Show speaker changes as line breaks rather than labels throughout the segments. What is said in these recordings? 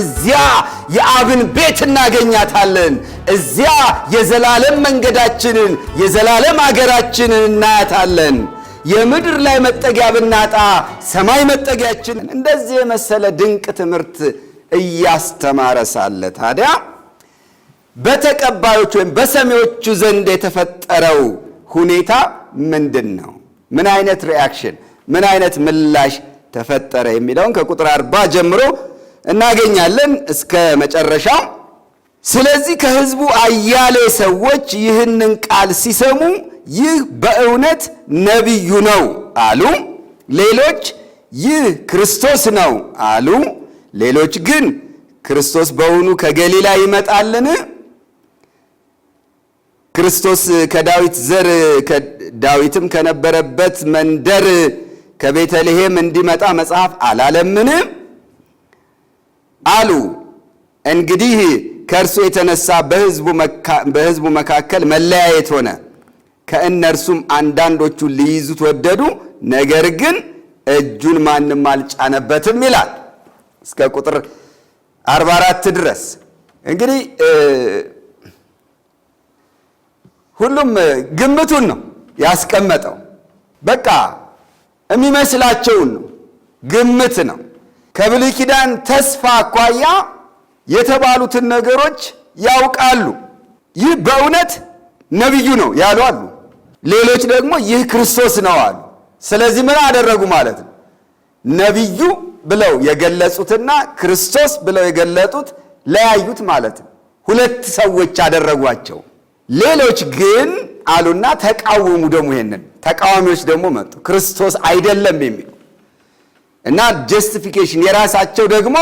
እዚያ የአብን ቤት እናገኛታለን። እዚያ የዘላለም መንገዳችንን የዘላለም አገራችንን እናያታለን። የምድር ላይ መጠጊያ ብናጣ ሰማይ መጠጊያችን። እንደዚህ የመሰለ ድንቅ ትምህርት እያስተማረ ሳለ ታዲያ በተቀባዮች ወይም በሰሚዎቹ ዘንድ የተፈጠረው ሁኔታ ምንድን ነው? ምን አይነት ሪያክሽን፣ ምን አይነት ምላሽ ተፈጠረ የሚለውን ከቁጥር አርባ ጀምሮ እናገኛለን እስከ መጨረሻ ስለዚህ ከህዝቡ አያሌ ሰዎች ይህንን ቃል ሲሰሙ ይህ በእውነት ነቢዩ ነው አሉ። ሌሎች ይህ ክርስቶስ ነው አሉ። ሌሎች ግን ክርስቶስ በውኑ ከገሊላ ይመጣልን? ክርስቶስ ከዳዊት ዘር ዳዊትም ከነበረበት መንደር ከቤተልሔም እንዲመጣ መጽሐፍ አላለምን? አሉ። እንግዲህ ከእርሱ የተነሳ በሕዝቡ መካከል መለያየት ሆነ። ከእነርሱም አንዳንዶቹ ሊይዙት ወደዱ፣ ነገር ግን እጁን ማንም አልጫነበትም ይላል እስከ ቁጥር 44 ድረስ። እንግዲህ ሁሉም ግምቱን ነው ያስቀመጠው። በቃ የሚመስላቸውን ነው፣ ግምት ነው። ከብሉይ ኪዳን ተስፋ አኳያ የተባሉትን ነገሮች ያውቃሉ። ይህ በእውነት ነቢዩ ነው ያሉ አሉ። ሌሎች ደግሞ ይህ ክርስቶስ ነው አሉ። ስለዚህ ምን አደረጉ ማለት ነው? ነቢዩ ብለው የገለጹትና ክርስቶስ ብለው የገለጡት ለያዩት ማለት ነው። ሁለት ሰዎች አደረጓቸው። ሌሎች ግን አሉና ተቃወሙ። ደግሞ ይሄንን ተቃዋሚዎች ደግሞ መጡ። ክርስቶስ አይደለም የሚል እና ጀስቲፊኬሽን የራሳቸው ደግሞ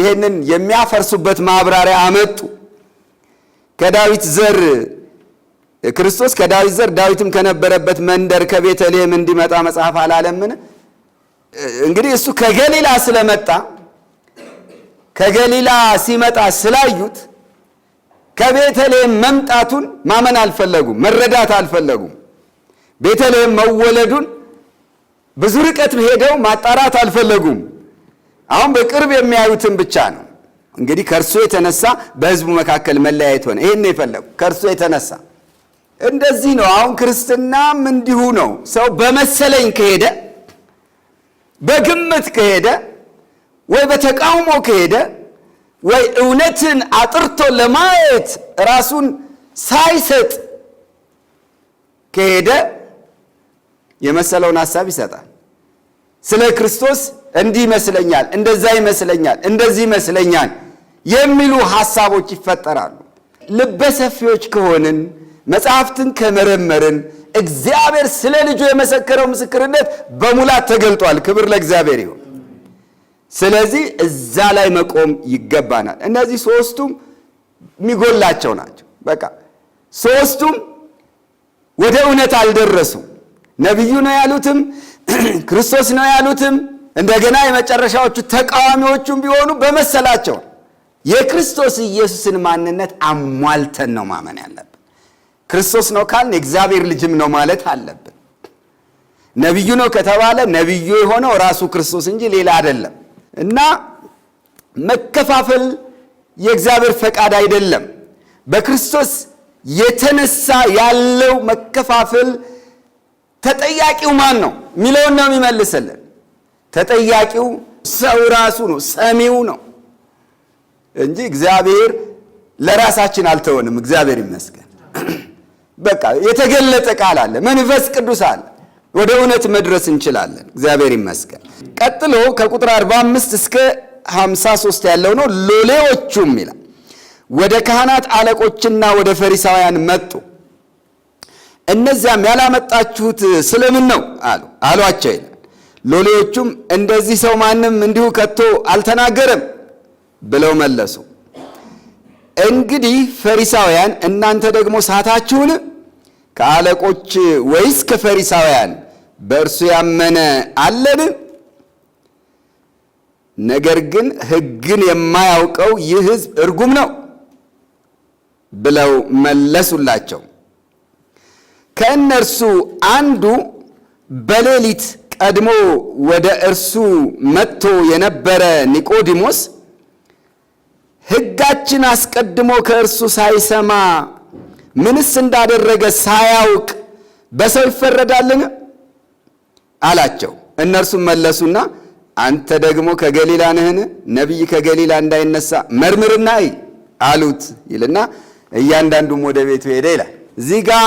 ይህንን የሚያፈርሱበት ማብራሪያ አመጡ። ከዳዊት ዘር ክርስቶስ ከዳዊት ዘር ዳዊትም ከነበረበት መንደር ከቤተልሔም እንዲመጣ መጽሐፍ አላለምን? እንግዲህ እሱ ከገሊላ ስለመጣ ከገሊላ ሲመጣ ስላዩት ከቤተልሔም መምጣቱን ማመን አልፈለጉም፣ መረዳት አልፈለጉም። ቤተልሔም መወለዱን ብዙ ርቀት ሄደው ማጣራት አልፈለጉም። አሁን በቅርብ የሚያዩትን ብቻ ነው። እንግዲህ ከእርሱ የተነሳ በህዝቡ መካከል መለያየት ሆነ። ይህን ነው የፈለጉ፣ ከእርሱ የተነሳ እንደዚህ ነው። አሁን ክርስትናም እንዲሁ ነው። ሰው በመሰለኝ ከሄደ፣ በግምት ከሄደ፣ ወይ በተቃውሞ ከሄደ፣ ወይ እውነትን አጥርቶ ለማየት ራሱን ሳይሰጥ ከሄደ የመሰለውን ሐሳብ ይሰጣል። ስለ ክርስቶስ እንዲህ ይመስለኛል፣ እንደዛ ይመስለኛል፣ እንደዚህ ይመስለኛል የሚሉ ሐሳቦች ይፈጠራሉ። ልበሰፊዎች ከሆንን መጽሐፍትን ከመረመርን እግዚአብሔር ስለ ልጁ የመሰከረው ምስክርነት በሙላት ተገልጧል። ክብር ለእግዚአብሔር ይሁን። ስለዚህ እዛ ላይ መቆም ይገባናል። እነዚህ ሶስቱም የሚጎላቸው ናቸው። በቃ ሶስቱም ወደ እውነት አልደረሱም። ነቢዩ ነው ያሉትም ክርስቶስ ነው ያሉትም እንደገና የመጨረሻዎቹ ተቃዋሚዎቹም ቢሆኑ በመሰላቸው የክርስቶስ ኢየሱስን ማንነት አሟልተን ነው ማመን ያለብን። ክርስቶስ ነው ካልን የእግዚአብሔር ልጅም ነው ማለት አለብን። ነቢዩ ነው ከተባለ ነቢዩ የሆነው ራሱ ክርስቶስ እንጂ ሌላ አይደለም እና መከፋፈል የእግዚአብሔር ፈቃድ አይደለም። በክርስቶስ የተነሳ ያለው መከፋፈል ተጠያቂው ማን ነው የሚለውን ነው የሚመልስልን። ተጠያቂው ሰው ራሱ ነው፣ ሰሚው ነው እንጂ እግዚአብሔር ለራሳችን አልተወንም። እግዚአብሔር ይመስገን። በቃ የተገለጠ ቃል አለ፣ መንፈስ ቅዱስ አለ። ወደ እውነት መድረስ እንችላለን። እግዚአብሔር ይመስገን። ቀጥሎ ከቁጥር 45 እስከ 53 ያለው ነው። ሎሌዎቹም ይላል ወደ ካህናት አለቆችና ወደ ፈሪሳውያን መጡ እነዚያም ያላመጣችሁት ስለምን ነው አሉ አሏቸው ይላል። ሎሌዎቹም እንደዚህ ሰው ማንም እንዲሁ ከቶ አልተናገረም ብለው መለሱ። እንግዲህ ፈሪሳውያን እናንተ ደግሞ ሳታችሁን? ከአለቆች ወይስ ከፈሪሳውያን በእርሱ ያመነ አለን? ነገር ግን ሕግን የማያውቀው ይህ ሕዝብ እርጉም ነው ብለው መለሱላቸው። ከእነርሱ አንዱ በሌሊት ቀድሞ ወደ እርሱ መጥቶ የነበረ ኒቆዲሞስ ሕጋችን አስቀድሞ ከእርሱ ሳይሰማ ምንስ እንዳደረገ ሳያውቅ በሰው ይፈረዳልን? አላቸው። እነርሱም መለሱና አንተ ደግሞ ከገሊላ ነህን? ነቢይ ከገሊላ እንዳይነሳ መርምርና አሉት ይልና እያንዳንዱም ወደ ቤቱ ሄደ ይላል እዚህ ጋር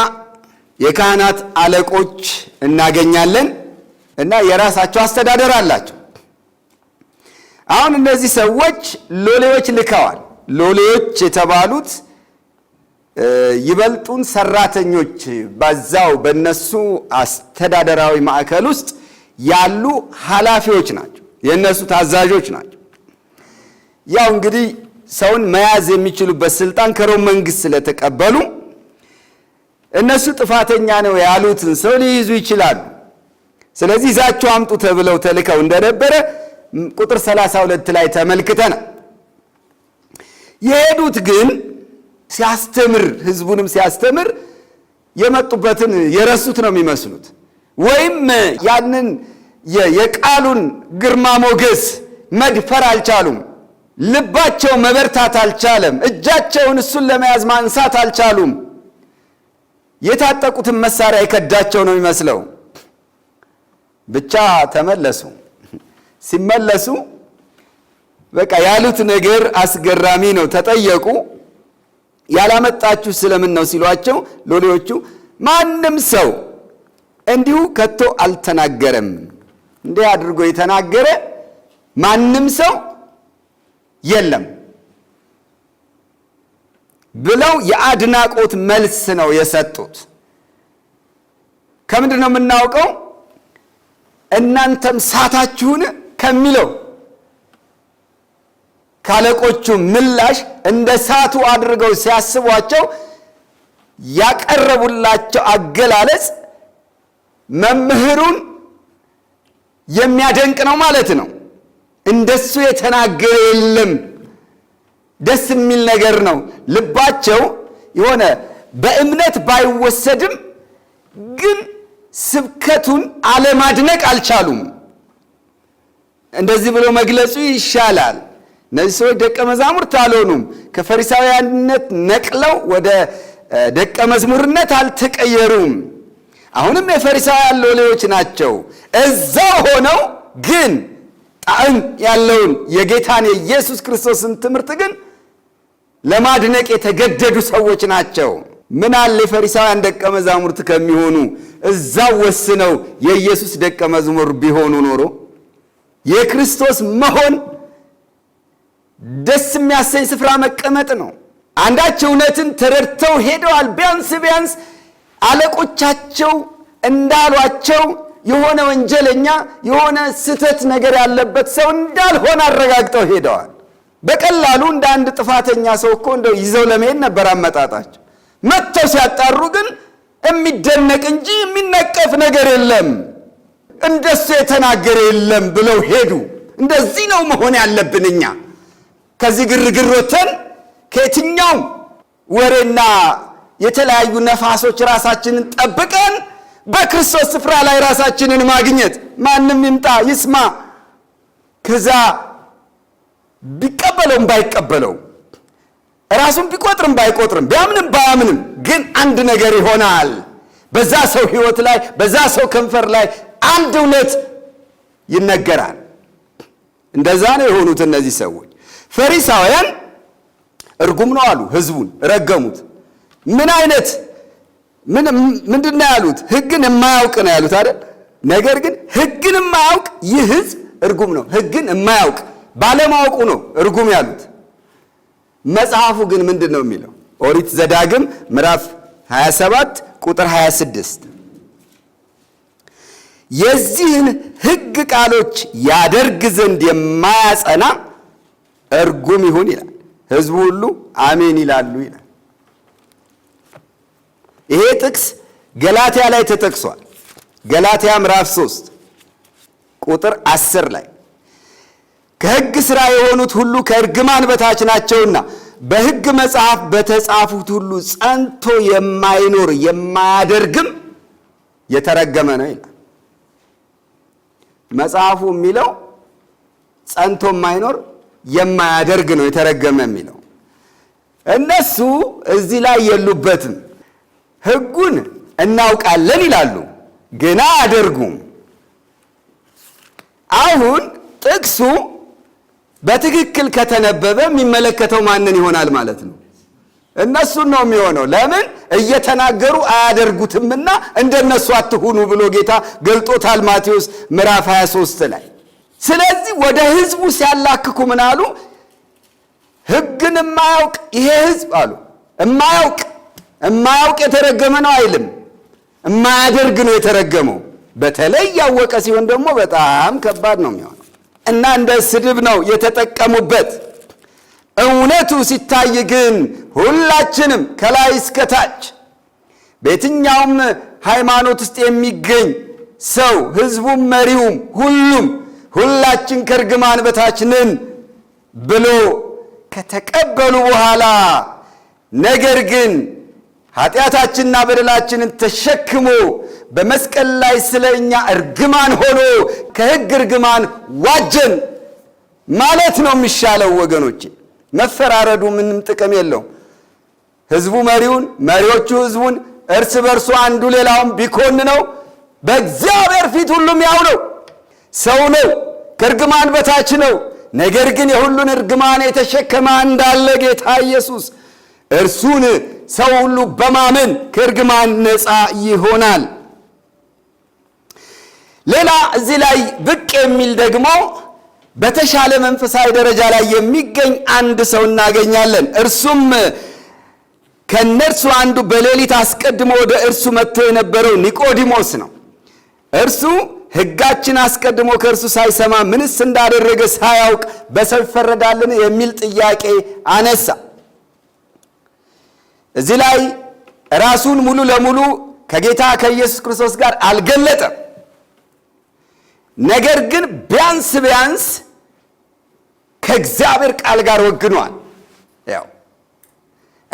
የካህናት አለቆች እናገኛለን እና የራሳቸው አስተዳደር አላቸው። አሁን እነዚህ ሰዎች ሎሌዎች ልከዋል። ሎሌዎች የተባሉት ይበልጡን ሰራተኞች በዛው በነሱ አስተዳደራዊ ማዕከል ውስጥ ያሉ ኃላፊዎች ናቸው። የእነሱ ታዛዦች ናቸው። ያው እንግዲህ ሰውን መያዝ የሚችሉበት ስልጣን ከሮም መንግስት ስለተቀበሉ እነሱ ጥፋተኛ ነው ያሉትን ሰው ሊይዙ ይችላሉ። ስለዚህ ይዛቸው አምጡ ተብለው ተልከው እንደነበረ ቁጥር 32 ላይ ተመልክተናል። የሄዱት ግን ሲያስተምር ህዝቡንም ሲያስተምር የመጡበትን የረሱት ነው የሚመስሉት ወይም ያንን የቃሉን ግርማ ሞገስ መድፈር አልቻሉም። ልባቸው መበርታት አልቻለም። እጃቸውን እሱን ለመያዝ ማንሳት አልቻሉም። የታጠቁትን መሳሪያ የከዳቸው ነው የሚመስለው። ብቻ ተመለሱ። ሲመለሱ በቃ ያሉት ነገር አስገራሚ ነው። ተጠየቁ። ያላመጣችሁ ስለምን ነው ሲሏቸው ሎሌዎቹ ማንም ሰው እንዲሁ ከቶ አልተናገረም። እንዲህ አድርጎ የተናገረ ማንም ሰው የለም። ብለው የአድናቆት መልስ ነው የሰጡት። ከምንድን ነው የምናውቀው? እናንተም ሳታችሁን ከሚለው ካለቆቹ ምላሽ እንደ ሳቱ አድርገው ሲያስቧቸው ያቀረቡላቸው አገላለጽ መምህሩን የሚያደንቅ ነው ማለት ነው። እንደሱ የተናገረ የለም ደስ የሚል ነገር ነው። ልባቸው የሆነ በእምነት ባይወሰድም ግን ስብከቱን አለማድነቅ አልቻሉም። እንደዚህ ብሎ መግለጹ ይሻላል። እነዚህ ሰዎች ደቀ መዛሙርት አልሆኑም። ከፈሪሳውያንነት ነቅለው ወደ ደቀ መዝሙርነት አልተቀየሩም። አሁንም የፈሪሳውያን ሎሌዎች ናቸው። እዛው ሆነው ግን ጣዕም ያለውን የጌታን የኢየሱስ ክርስቶስን ትምህርት ግን ለማድነቅ የተገደዱ ሰዎች ናቸው። ምን አለ የፈሪሳውያን ደቀ መዛሙርት ከሚሆኑ እዛው ወስነው የኢየሱስ ደቀ መዝሙር ቢሆኑ ኖሮ የክርስቶስ መሆን ደስ የሚያሰኝ ስፍራ መቀመጥ ነው። አንዳች እውነትን ተረድተው ሄደዋል። ቢያንስ ቢያንስ አለቆቻቸው እንዳሏቸው የሆነ ወንጀለኛ፣ የሆነ ስህተት ነገር ያለበት ሰው እንዳልሆነ አረጋግጠው ሄደዋል። በቀላሉ እንደ አንድ ጥፋተኛ ሰው እኮ እንደው ይዘው ለመሄድ ነበር አመጣጣቸው። መጥተው ሲያጣሩ ግን የሚደነቅ እንጂ የሚነቀፍ ነገር የለም፣ እንደሱ የተናገረ የለም ብለው ሄዱ። እንደዚህ ነው መሆን ያለብን እኛ ከዚህ ግርግር ወተን ወሬና የተለያዩ ነፋሶች ራሳችንን ጠብቀን በክርስቶስ ስፍራ ላይ ራሳችንን ማግኘት ማንም ይምጣ ይስማ ከዛ ቢቀበለውም ባይቀበለው ራሱን ቢቆጥርም ባይቆጥርም ቢያምንም ባያምንም ግን አንድ ነገር ይሆናል። በዛ ሰው ህይወት ላይ በዛ ሰው ከንፈር ላይ አንድ እውነት ይነገራል። እንደዛ ነው የሆኑት እነዚህ ሰዎች። ፈሪሳውያን እርጉም ነው አሉ፣ ህዝቡን ረገሙት። ምን አይነት ምንድን ያሉት? ህግን የማያውቅ ነው ያሉት አይደል? ነገር ግን ህግን የማያውቅ ይህ ህዝብ እርጉም ነው። ህግን የማያውቅ ባለማወቁ ነው እርጉም ያሉት። መጽሐፉ ግን ምንድን ነው የሚለው? ኦሪት ዘዳግም ምዕራፍ 27 ቁጥር 26 የዚህን ሕግ ቃሎች ያደርግ ዘንድ የማያጸና እርጉም ይሁን ይላል። ሕዝቡ ሁሉ አሜን ይላሉ ይላል። ይሄ ጥቅስ ገላትያ ላይ ተጠቅሷል። ገላትያ ምዕራፍ 3 ቁጥር 10 ላይ ከሕግ ሥራ የሆኑት ሁሉ ከእርግማን በታች ናቸውና በሕግ መጽሐፍ በተጻፉት ሁሉ ጸንቶ የማይኖር የማያደርግም የተረገመ ነው ይላል። መጽሐፉ የሚለው ጸንቶ የማይኖር የማያደርግ ነው የተረገመ የሚለው እነሱ እዚህ ላይ የሉበትም። ሕጉን እናውቃለን ይላሉ፣ ግን አያደርጉም። አሁን ጥቅሱ በትክክል ከተነበበ የሚመለከተው ማንን ይሆናል ማለት ነው? እነሱን ነው የሚሆነው። ለምን እየተናገሩ አያደርጉትምና እንደነሱ አትሁኑ ብሎ ጌታ ገልጦታል ማቴዎስ ምዕራፍ 23 ላይ። ስለዚህ ወደ ህዝቡ ሲያላክኩ ምን አሉ? ህግን የማያውቅ ይሄ ህዝብ አሉ። የማያውቅ የማያውቅ የተረገመ ነው አይልም፣ የማያደርግ ነው የተረገመው። በተለይ ያወቀ ሲሆን ደግሞ በጣም ከባድ ነው የሚሆነው። እና እንደ ስድብ ነው የተጠቀሙበት። እውነቱ ሲታይ ግን ሁላችንም ከላይ እስከታች በየትኛውም ሃይማኖት ውስጥ የሚገኝ ሰው ህዝቡም መሪውም፣ ሁሉም ሁላችን ከርግማን በታች ብሎ ከተቀበሉ በኋላ ነገር ግን ኃጢአታችንና በደላችንን ተሸክሞ በመስቀል ላይ ስለ እኛ እርግማን ሆኖ ከሕግ እርግማን ዋጀን ማለት ነው የሚሻለው ወገኖቼ። መፈራረዱ ምንም ጥቅም የለውም። ሕዝቡ መሪውን፣ መሪዎቹ ሕዝቡን፣ እርስ በርሱ አንዱ ሌላውን ቢኮን ነው በእግዚአብሔር ፊት ሁሉም ያው ነው። ሰው ነው፣ ከእርግማን በታች ነው። ነገር ግን የሁሉን እርግማን የተሸከመ እንዳለ ጌታ ኢየሱስ እርሱን ሰው ሁሉ በማመን ከእርግማን ነፃ ይሆናል። ሌላ እዚህ ላይ ብቅ የሚል ደግሞ በተሻለ መንፈሳዊ ደረጃ ላይ የሚገኝ አንድ ሰው እናገኛለን። እርሱም ከእነርሱ አንዱ በሌሊት አስቀድሞ ወደ እርሱ መጥቶ የነበረው ኒቆዲሞስ ነው። እርሱ ሕጋችን አስቀድሞ ከእርሱ ሳይሰማ ምንስ እንዳደረገ ሳያውቅ በሰው ይፈረዳልን የሚል ጥያቄ አነሳ። እዚህ ላይ ራሱን ሙሉ ለሙሉ ከጌታ ከኢየሱስ ክርስቶስ ጋር አልገለጠም። ነገር ግን ቢያንስ ቢያንስ ከእግዚአብሔር ቃል ጋር ወግኗል። ያው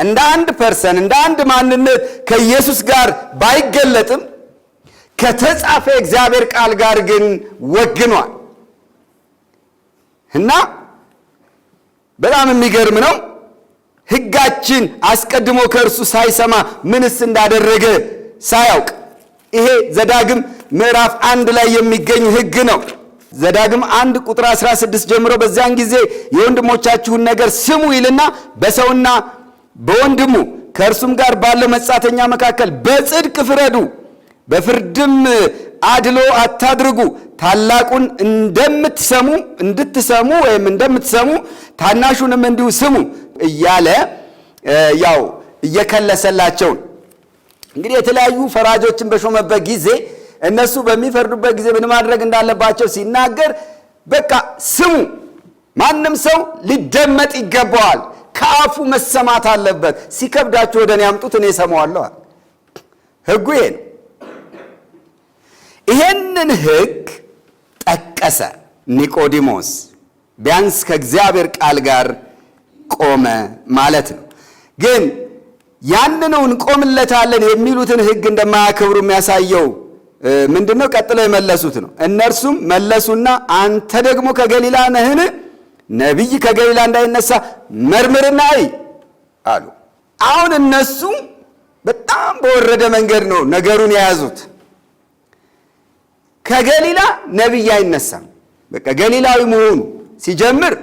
እንደ አንድ ፐርሰን እንደ አንድ ማንነት ከኢየሱስ ጋር ባይገለጥም ከተጻፈ እግዚአብሔር ቃል ጋር ግን ወግኗል እና በጣም የሚገርም ነው። ያችን አስቀድሞ ከእርሱ ሳይሰማ ምንስ እንዳደረገ ሳያውቅ ይሄ ዘዳግም ምዕራፍ አንድ ላይ የሚገኝ ሕግ ነው። ዘዳግም አንድ ቁጥር 16 ጀምሮ በዚያን ጊዜ የወንድሞቻችሁን ነገር ስሙ ይልና በሰውና በወንድሙ ከእርሱም ጋር ባለው መጻተኛ መካከል በጽድቅ ፍረዱ፣ በፍርድም አድሎ አታድርጉ። ታላቁን እንደምትሰሙ እንድትሰሙ ወይም እንደምትሰሙ ታናሹንም እንዲሁ ስሙ እያለ ያው እየከለሰላቸው እንግዲህ የተለያዩ ፈራጆችን በሾመበት ጊዜ እነሱ በሚፈርዱበት ጊዜ ምን ማድረግ እንዳለባቸው ሲናገር በቃ ስሙ። ማንም ሰው ሊደመጥ ይገባዋል። ከአፉ መሰማት አለበት። ሲከብዳችሁ ወደ እኔ ያምጡት፣ እኔ እሰማዋለሁ። ህጉ ይሄ ነው። ይሄንን ህግ ጠቀሰ ኒቆዲሞስ ቢያንስ ከእግዚአብሔር ቃል ጋር ቆመ ማለት ነው። ግን ያንነውን እንቆምለታለን የሚሉትን ህግ እንደማያከብሩ የሚያሳየው ምንድን ነው? ቀጥለው የመለሱት ነው። እነርሱም መለሱና አንተ ደግሞ ከገሊላ ነህን? ነቢይ ከገሊላ እንዳይነሳ መርምርና አይ አሉ። አሁን እነሱ በጣም በወረደ መንገድ ነው ነገሩን የያዙት። ከገሊላ ነቢይ አይነሳም። በቃ ገሊላዊ መሆኑ ሲጀምር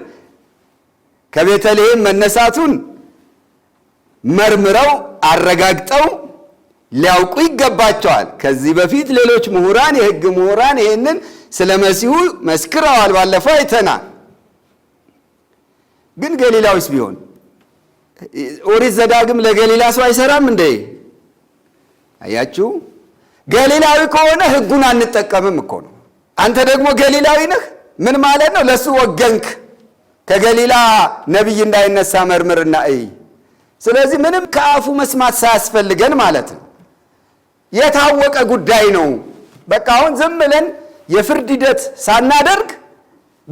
ከቤተልሔም መነሳቱን መርምረው አረጋግጠው ሊያውቁ ይገባቸዋል። ከዚህ በፊት ሌሎች ምሁራን፣ የህግ ምሁራን ይህንን ስለ መሲሁ መስክረዋል። ባለፈው አይተናል። ግን ገሊላዊስ ቢሆን ኦሪት ዘዳግም ለገሊላ ሰው አይሰራም እንዴ? አያችሁ፣ ገሊላዊ ከሆነ ህጉን አንጠቀምም እኮ ነው። አንተ ደግሞ ገሊላዊ ነህ። ምን ማለት ነው? ለእሱ ወገንክ። ከገሊላ ነቢይ እንዳይነሳ መርምርና እይ ስለዚህ ምንም ከአፉ መስማት ሳያስፈልገን ማለት ነው። የታወቀ ጉዳይ ነው። በቃ አሁን ዝም ብለን የፍርድ ሂደት ሳናደርግ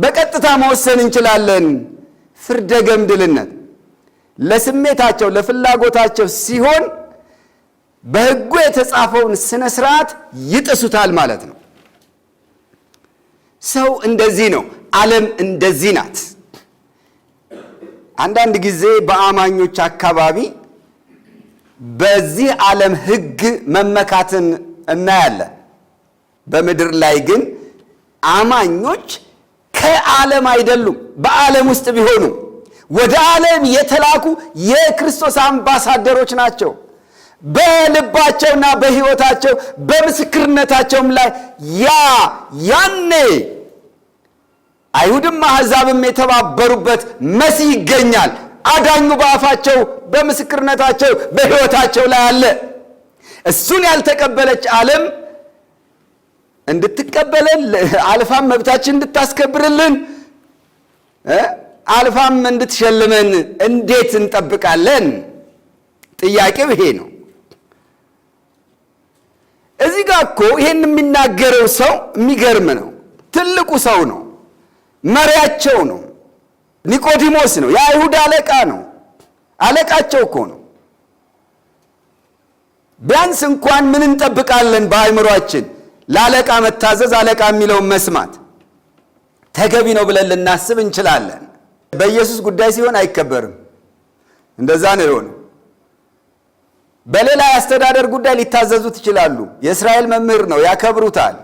በቀጥታ መወሰን እንችላለን። ፍርደ ገምድልነት ለስሜታቸው ለፍላጎታቸው ሲሆን በሕጉ የተጻፈውን ስነ ስርዓት ይጥሱታል ማለት ነው። ሰው እንደዚህ ነው። ዓለም እንደዚህ ናት። አንዳንድ ጊዜ በአማኞች አካባቢ በዚህ ዓለም ሕግ መመካትን እናያለን። በምድር ላይ ግን አማኞች ከዓለም አይደሉም። በዓለም ውስጥ ቢሆኑ ወደ ዓለም የተላኩ የክርስቶስ አምባሳደሮች ናቸው። በልባቸውና በሕይወታቸው በምስክርነታቸውም ላይ ያ ያኔ አይሁድም አሕዛብም የተባበሩበት መሲህ ይገኛል። አዳኙ በአፋቸው በምስክርነታቸው በሕይወታቸው ላይ አለ። እሱን ያልተቀበለች ዓለም እንድትቀበለን አልፋም መብታችን እንድታስከብርልን አልፋም እንድትሸልመን እንዴት እንጠብቃለን? ጥያቄው ይሄ ነው። እዚህ ጋር እኮ ይሄን የሚናገረው ሰው የሚገርም ነው። ትልቁ ሰው ነው። መሪያቸው ነው። ኒቆዲሞስ ነው፣ የአይሁድ አለቃ ነው። አለቃቸው እኮ ነው። ቢያንስ እንኳን ምን እንጠብቃለን? በአእምሯችን ለአለቃ መታዘዝ፣ አለቃ የሚለውን መስማት ተገቢ ነው ብለን ልናስብ እንችላለን። በኢየሱስ ጉዳይ ሲሆን አይከበርም። እንደዛ ነው የሆነ። በሌላ የአስተዳደር ጉዳይ ሊታዘዙት ይችላሉ። የእስራኤል መምህር ነው፣ ያከብሩታል።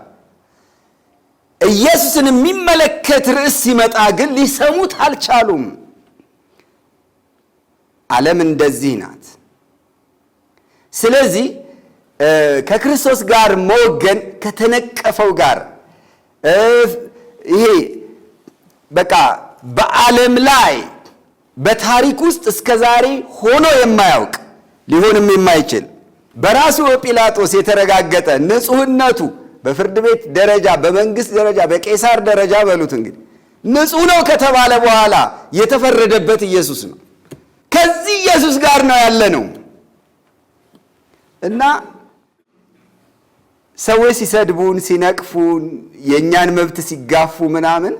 ኢየሱስን የሚመለከት ርዕስ ሲመጣ ግን ሊሰሙት አልቻሉም። ዓለም እንደዚህ ናት። ስለዚህ ከክርስቶስ ጋር መወገን ከተነቀፈው ጋር ይሄ በቃ በዓለም ላይ በታሪክ ውስጥ እስከ ዛሬ ሆኖ የማያውቅ ሊሆንም የማይችል በራሱ ጲላጦስ የተረጋገጠ ንጹሕነቱ በፍርድ ቤት ደረጃ፣ በመንግስት ደረጃ፣ በቄሳር ደረጃ በሉት እንግዲህ ንጹሕ ነው ከተባለ በኋላ የተፈረደበት ኢየሱስ ነው። ከዚህ ኢየሱስ ጋር ነው ያለ ነው እና ሰዎች ሲሰድቡን፣ ሲነቅፉን፣ የእኛን መብት ሲጋፉ ምናምን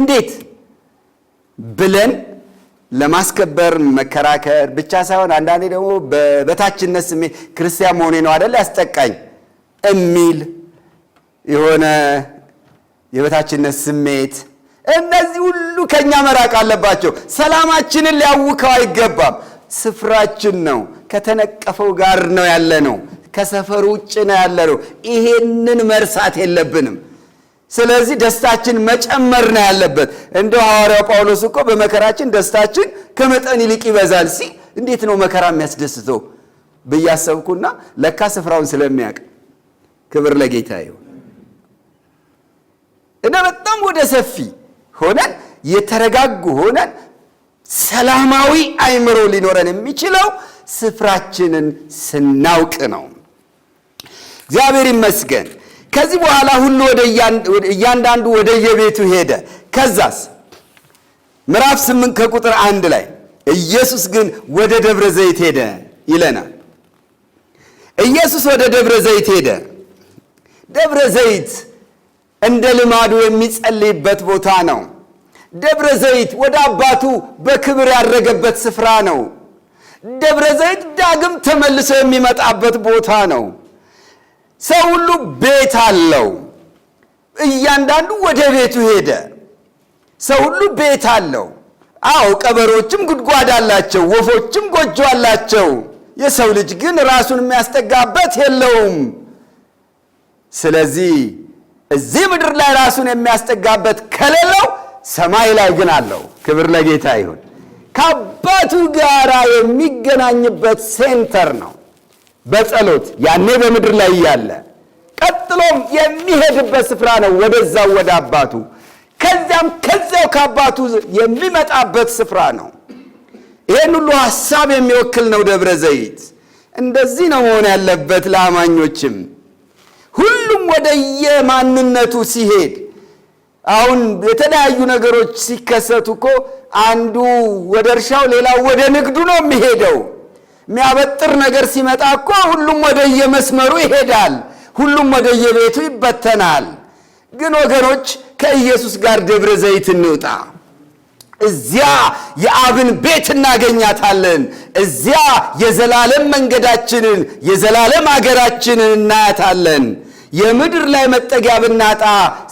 እንዴት ብለን ለማስከበር መከራከር ብቻ ሳይሆን አንዳንዴ ደግሞ በበታችነት ስሜት ክርስቲያን መሆኔ ነው አደል ያስጠቃኝ እሚል የሆነ የበታችነት ስሜት እነዚህ ሁሉ ከኛ መራቅ አለባቸው። ሰላማችንን ሊያውከው አይገባም። ስፍራችን ነው። ከተነቀፈው ጋር ነው ያለ ነው። ከሰፈሩ ውጭ ነው ያለ ነው። ይሄንን መርሳት የለብንም። ስለዚህ ደስታችን መጨመር ነው ያለበት። እንደ ሐዋርያው ጳውሎስ እኮ በመከራችን ደስታችን ከመጠን ይልቅ ይበዛል ሲ እንዴት ነው መከራ የሚያስደስተው ብያሰብኩና ለካ ስፍራውን ስለሚያውቅ ክብር ለጌታ ይሁን። እና በጣም ወደ ሰፊ ሆነን የተረጋጉ ሆነን ሰላማዊ አይምሮ ሊኖረን የሚችለው ስፍራችንን ስናውቅ ነው። እግዚአብሔር ይመስገን። ከዚህ በኋላ ሁሉ እያንዳንዱ ወደ የቤቱ ሄደ። ከዛስ ምዕራፍ ስምንት ከቁጥር አንድ ላይ ኢየሱስ ግን ወደ ደብረ ዘይት ሄደ ይለናል። ኢየሱስ ወደ ደብረ ዘይት ሄደ። ደብረ ዘይት እንደ ልማዱ የሚጸልይበት ቦታ ነው። ደብረ ዘይት ወደ አባቱ በክብር ያረገበት ስፍራ ነው። ደብረ ዘይት ዳግም ተመልሶ የሚመጣበት ቦታ ነው። ሰው ሁሉ ቤት አለው። እያንዳንዱ ወደ ቤቱ ሄደ። ሰው ሁሉ ቤት አለው። አዎ ቀበሮችም ጉድጓድ አላቸው፣ ወፎችም ጎጆ አላቸው። የሰው ልጅ ግን ራሱን የሚያስጠጋበት የለውም። ስለዚህ እዚህ ምድር ላይ ራሱን የሚያስጠጋበት ከሌለው ሰማይ ላይ ግን አለው። ክብር ለጌታ ይሁን። ከአባቱ ጋር የሚገናኝበት ሴንተር ነው በጸሎት ያኔ በምድር ላይ እያለ ቀጥሎም የሚሄድበት ስፍራ ነው ወደዛው ወደ አባቱ ከዚያም ከዚያው ከአባቱ የሚመጣበት ስፍራ ነው። ይህን ሁሉ ሐሳብ የሚወክል ነው ደብረ ዘይት። እንደዚህ ነው መሆን ያለበት ለአማኞችም ሁሉም ወደየ ማንነቱ ሲሄድ አሁን የተለያዩ ነገሮች ሲከሰቱ እኮ አንዱ ወደ እርሻው ሌላው ወደ ንግዱ ነው የሚሄደው። የሚያበጥር ነገር ሲመጣ እኮ ሁሉም ወደየ መስመሩ ይሄዳል፣ ሁሉም ወደ የቤቱ ይበተናል። ግን ወገኖች ከኢየሱስ ጋር ደብረ ዘይት እንውጣ። እዚያ የአብን ቤት እናገኛታለን። እዚያ የዘላለም መንገዳችንን የዘላለም አገራችንን እናያታለን። የምድር ላይ መጠጊያ ብናጣ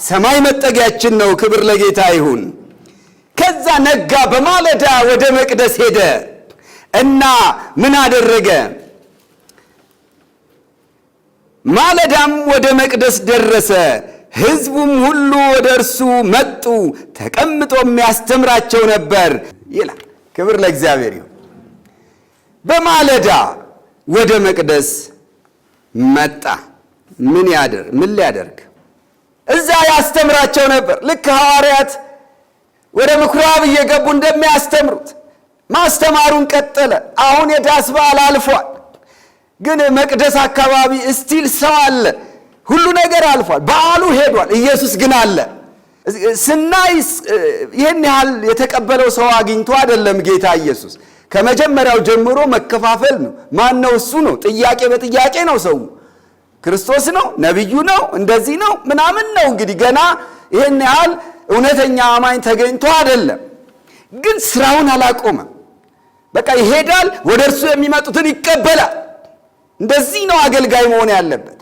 ሰማይ መጠጊያችን ነው። ክብር ለጌታ ይሁን። ከዛ ነጋ፣ በማለዳ ወደ መቅደስ ሄደ እና ምን አደረገ? ማለዳም ወደ መቅደስ ደረሰ። ሕዝቡም ሁሉ ወደ እርሱ መጡ፣ ተቀምጦ የሚያስተምራቸው ነበር ይላል። ክብር ለእግዚአብሔር ይሁን። በማለዳ ወደ መቅደስ መጣ። ምን ያደር ምን ሊያደርግ እዛ ያስተምራቸው ነበር። ልክ ሐዋርያት ወደ ምኩራብ እየገቡ እንደሚያስተምሩት ማስተማሩን ቀጠለ። አሁን የዳስ በዓል አልፏል፣ ግን መቅደስ አካባቢ እስቲል ሰው አለ። ሁሉ ነገር አልፏል። በዓሉ ሄዷል። ኢየሱስ ግን አለ። ስናይ ይህን ያህል የተቀበለው ሰው አግኝቶ አይደለም ጌታ ኢየሱስ። ከመጀመሪያው ጀምሮ መከፋፈል ነው። ማን ነው እሱ? ነው ጥያቄ በጥያቄ ነው። ሰው ክርስቶስ ነው፣ ነቢዩ ነው፣ እንደዚህ ነው ምናምን ነው። እንግዲህ ገና ይህን ያህል እውነተኛ አማኝ ተገኝቶ አይደለም። ግን ስራውን አላቆመም። በቃ ይሄዳል፣ ወደ እርሱ የሚመጡትን ይቀበላል። እንደዚህ ነው አገልጋይ መሆን ያለበት።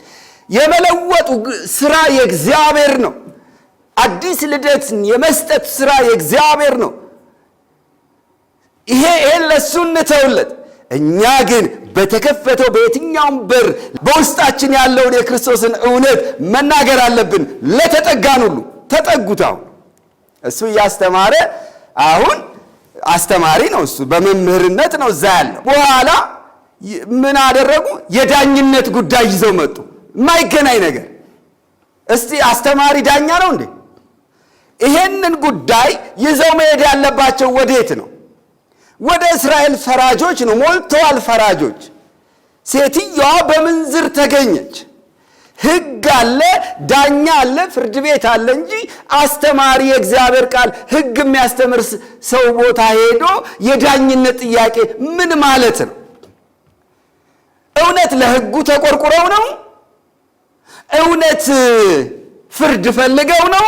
የመለወጡ ስራ የእግዚአብሔር ነው። አዲስ ልደትን የመስጠት ስራ የእግዚአብሔር ነው። ይሄ ይሄን ለእሱ እንተውለት። እኛ ግን በተከፈተው በየትኛውም በር በውስጣችን ያለውን የክርስቶስን እውነት መናገር አለብን። ለተጠጋን ሁሉ ተጠጉት። አሁን እሱ እያስተማረ አሁን አስተማሪ ነው እሱ በመምህርነት ነው እዛ ያለው። በኋላ ምን አደረጉ? የዳኝነት ጉዳይ ይዘው መጡ። የማይገናኝ ነገር። እስቲ አስተማሪ ዳኛ ነው እንዴ? ይሄንን ጉዳይ ይዘው መሄድ ያለባቸው ወዴት ነው? ወደ እስራኤል ፈራጆች ነው። ሞልተዋል ፈራጆች። ሴትየዋ በምንዝር ተገኘች። ሕግ አለ፣ ዳኛ አለ፣ ፍርድ ቤት አለ እንጂ አስተማሪ የእግዚአብሔር ቃል ሕግ የሚያስተምር ሰው ቦታ ሄዶ የዳኝነት ጥያቄ ምን ማለት ነው? እውነት ለሕጉ ተቆርቁረው ነው እውነት ፍርድ ፈልገው ነው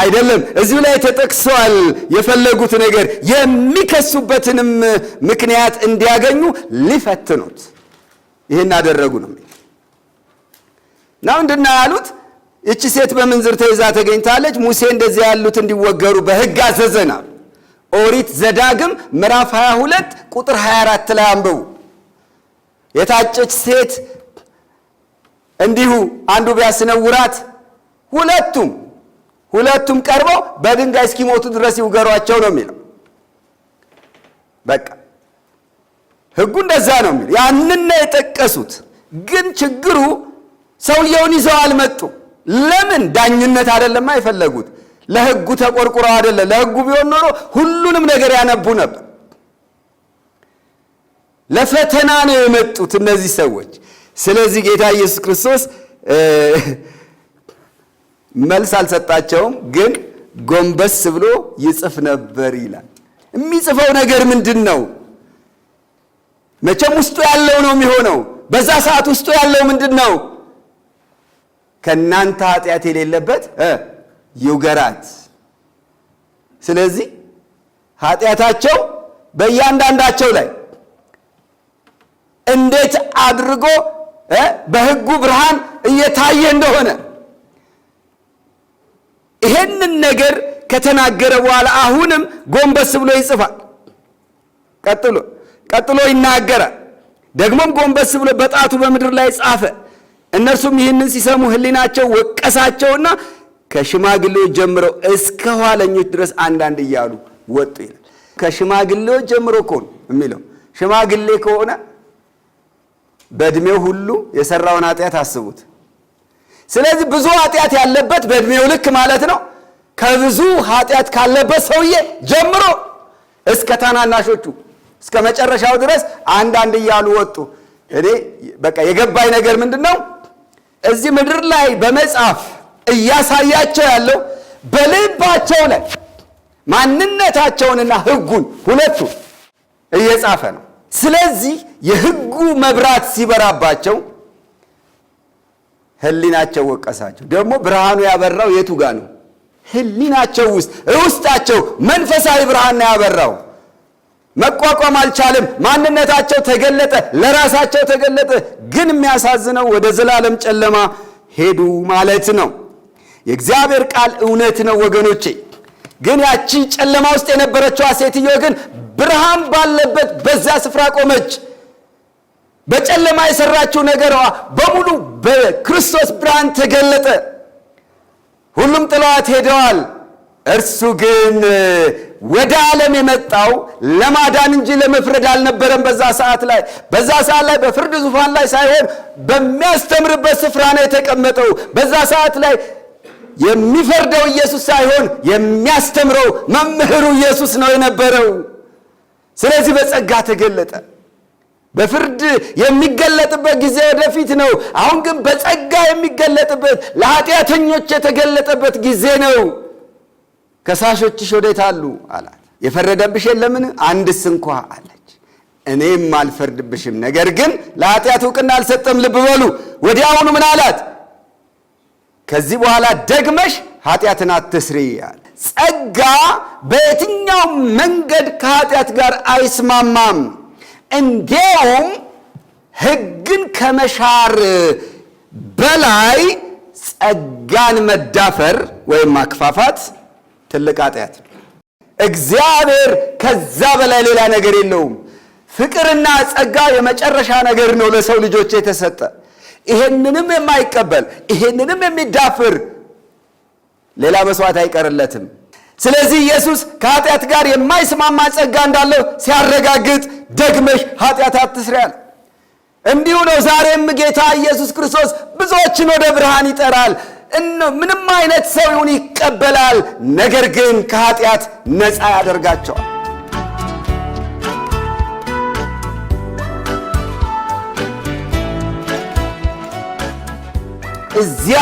አይደለም። እዚሁ ላይ ተጠቅሰዋል። የፈለጉት ነገር የሚከሱበትንም ምክንያት እንዲያገኙ ሊፈትኑት ይህን አደረጉ ነው እና ምንድን ያሉት? ይቺ ሴት በምንዝር ተይዛ ተገኝታለች። ሙሴ እንደዚህ ያሉት እንዲወገሩ በሕግ አዘዘና ኦሪት ዘዳግም ምዕራፍ 22 ቁጥር 24 ላይ አንብቡ። የታጨች ሴት እንዲሁ አንዱ ቢያስነውራት ሁለቱም ሁለቱም ቀርበው በድንጋይ እስኪሞቱ ድረስ ይውገሯቸው ነው የሚለው። በቃ ህጉ እንደዛ ነው የሚለው። ያንን ነው የጠቀሱት። ግን ችግሩ ሰውየውን ይዘው አልመጡ ለምን? ዳኝነት አይደለም አይፈለጉት ለህጉ ተቆርቁረው አይደለም። ለህጉ ቢሆን ኖሮ ሁሉንም ነገር ያነቡ ነበር። ለፈተና ነው የመጡት እነዚህ ሰዎች። ስለዚህ ጌታ ኢየሱስ ክርስቶስ መልስ አልሰጣቸውም፣ ግን ጎንበስ ብሎ ይጽፍ ነበር ይላል። የሚጽፈው ነገር ምንድን ነው? መቼም ውስጡ ያለው ነው የሚሆነው። በዛ ሰዓት ውስጡ ያለው ምንድን ነው? ከእናንተ ኃጢአት የሌለበት ይውገራት። ስለዚህ ኃጢአታቸው በእያንዳንዳቸው ላይ እንዴት አድርጎ በህጉ ብርሃን እየታየ እንደሆነ ይሄንን ነገር ከተናገረ በኋላ አሁንም ጎንበስ ብሎ ይጽፋል። ቀጥሎ ቀጥሎ ይናገራል። ደግሞም ጎንበስ ብሎ በጣቱ በምድር ላይ ጻፈ። እነርሱም ይህንን ሲሰሙ ህሊናቸው ወቀሳቸውና ከሽማግሌዎች ጀምረው እስከ ኋለኞች ድረስ አንዳንድ እያሉ ወጡ ይላል። ከሽማግሌዎች ጀምሮ እኮ የሚለው። ሽማግሌ ከሆነ በእድሜው ሁሉ የሰራውን ኃጢአት አስቡት። ስለዚህ ብዙ ኃጢአት ያለበት በእድሜው ልክ ማለት ነው። ከብዙ ኃጢአት ካለበት ሰውዬ ጀምሮ እስከ ታናናሾቹ እስከ መጨረሻው ድረስ አንዳንድ እያሉ ወጡ። እኔ በቃ የገባኝ ነገር ምንድን ነው? እዚህ ምድር ላይ በመጽሐፍ እያሳያቸው ያለው በልባቸው ላይ ማንነታቸውንና ሕጉን ሁለቱን እየጻፈ ነው። ስለዚህ የህጉ መብራት ሲበራባቸው ህሊናቸው ወቀሳቸው። ደግሞ ብርሃኑ ያበራው የቱ ጋ ነው? ህሊናቸው ውስጥ ውስጣቸው መንፈሳዊ ብርሃን ነው ያበራው። መቋቋም አልቻለም። ማንነታቸው ተገለጠ፣ ለራሳቸው ተገለጠ። ግን የሚያሳዝነው ወደ ዘላለም ጨለማ ሄዱ ማለት ነው። የእግዚአብሔር ቃል እውነት ነው ወገኖቼ። ግን ያቺ ጨለማ ውስጥ የነበረችዋ ሴትዮ ግን ብርሃን ባለበት በዛ ስፍራ ቆመች። በጨለማ የሰራችው ነገሯ በሙሉ በክርስቶስ ብርሃን ተገለጠ። ሁሉም ጥለዋት ሄደዋል። እርሱ ግን ወደ ዓለም የመጣው ለማዳን እንጂ ለመፍረድ አልነበረም። በዛ ሰዓት ላይ በዛ ሰዓት ላይ በፍርድ ዙፋን ላይ ሳይሆን በሚያስተምርበት ስፍራ ነው የተቀመጠው። በዛ ሰዓት ላይ የሚፈርደው ኢየሱስ ሳይሆን የሚያስተምረው መምህሩ ኢየሱስ ነው የነበረው። ስለዚህ በጸጋ ተገለጠ። በፍርድ የሚገለጥበት ጊዜ ወደፊት ነው። አሁን ግን በጸጋ የሚገለጥበት ለኃጢአተኞች የተገለጠበት ጊዜ ነው። ከሳሾችሽ ወዴት አሉ አላት። የፈረደብሽ የለምን? አንድስ እንኳ አለች። እኔም አልፈርድብሽም፣ ነገር ግን ለኃጢአት እውቅና አልሰጠም። ልብ በሉ። ወዲያውኑ ምን አላት? ከዚህ በኋላ ደግመሽ ኃጢአትን አትስሪ አለ። ጸጋ በየትኛውም መንገድ ከኃጢአት ጋር አይስማማም። እንዲያውም ሕግን ከመሻር በላይ ጸጋን መዳፈር ወይም ማክፋፋት ትልቅ ኃጢአት። እግዚአብሔር ከዛ በላይ ሌላ ነገር የለውም። ፍቅርና ጸጋ የመጨረሻ ነገር ነው ለሰው ልጆች የተሰጠ። ይሄንንም የማይቀበል ይሄንንም የሚዳፍር ሌላ መስዋዕት አይቀርለትም። ስለዚህ ኢየሱስ ከኃጢአት ጋር የማይስማማ ጸጋ እንዳለው ሲያረጋግጥ ደግመሽ ኃጢአት አትስሪያል እንዲሁ ነው። ዛሬም ጌታ ኢየሱስ ክርስቶስ ብዙዎችን ወደ ብርሃን ይጠራል። ምንም አይነት ሰውን ይቀበላል። ነገር ግን ከኃጢአት ነፃ ያደርጋቸዋል። እዚያ